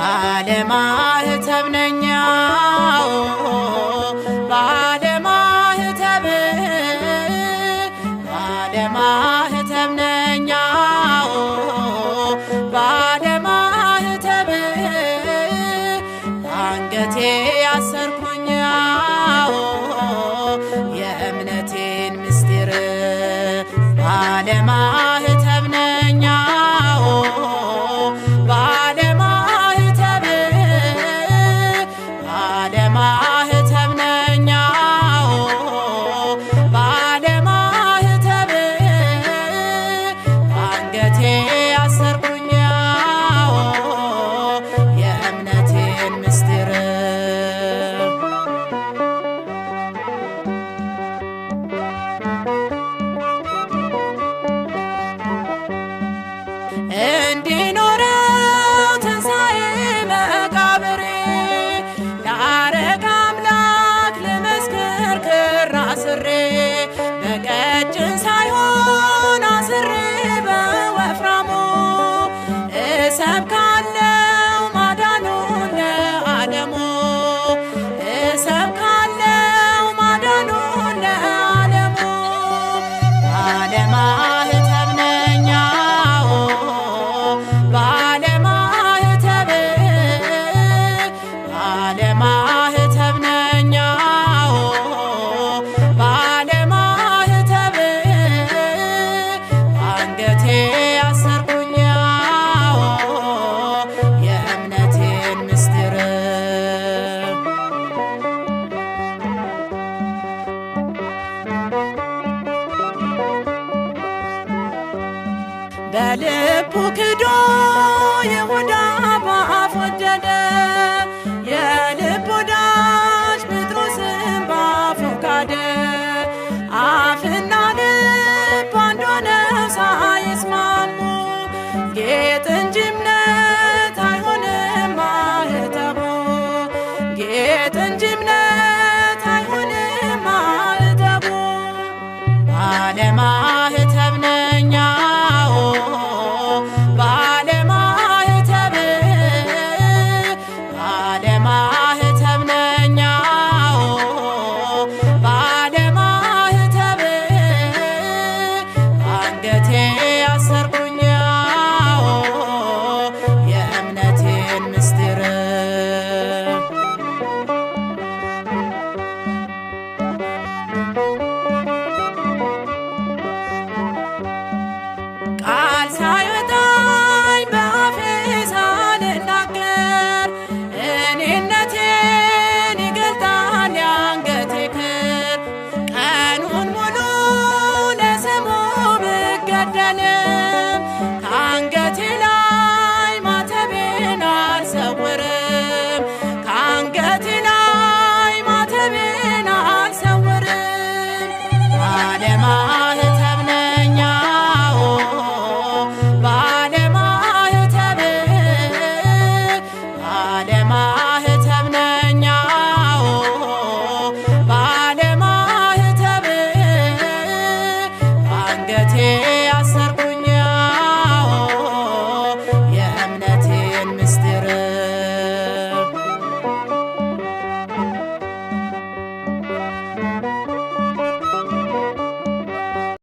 ባለማህተብ ነኛ ባለማህተብ ባለማህተብ ባለማህተብ አንገቴ in. በልቡ ክዶ ይሁዳ በአፍ ወደደ። የልብ ወዳጅ ጴጥሮስን ካደ። አፍና ልብ አንድ ሆነው ሳይስማሙ ጌጥ እንጂ እምነት አይሆንም ጌጥ እንጂ እምነት ሳይወጣኝ በአፌ ሳልናገር እኔነቴን ይገልጣል ያንገቴ ክር ቀኑን ሙሉ ለስሙ ብገደልም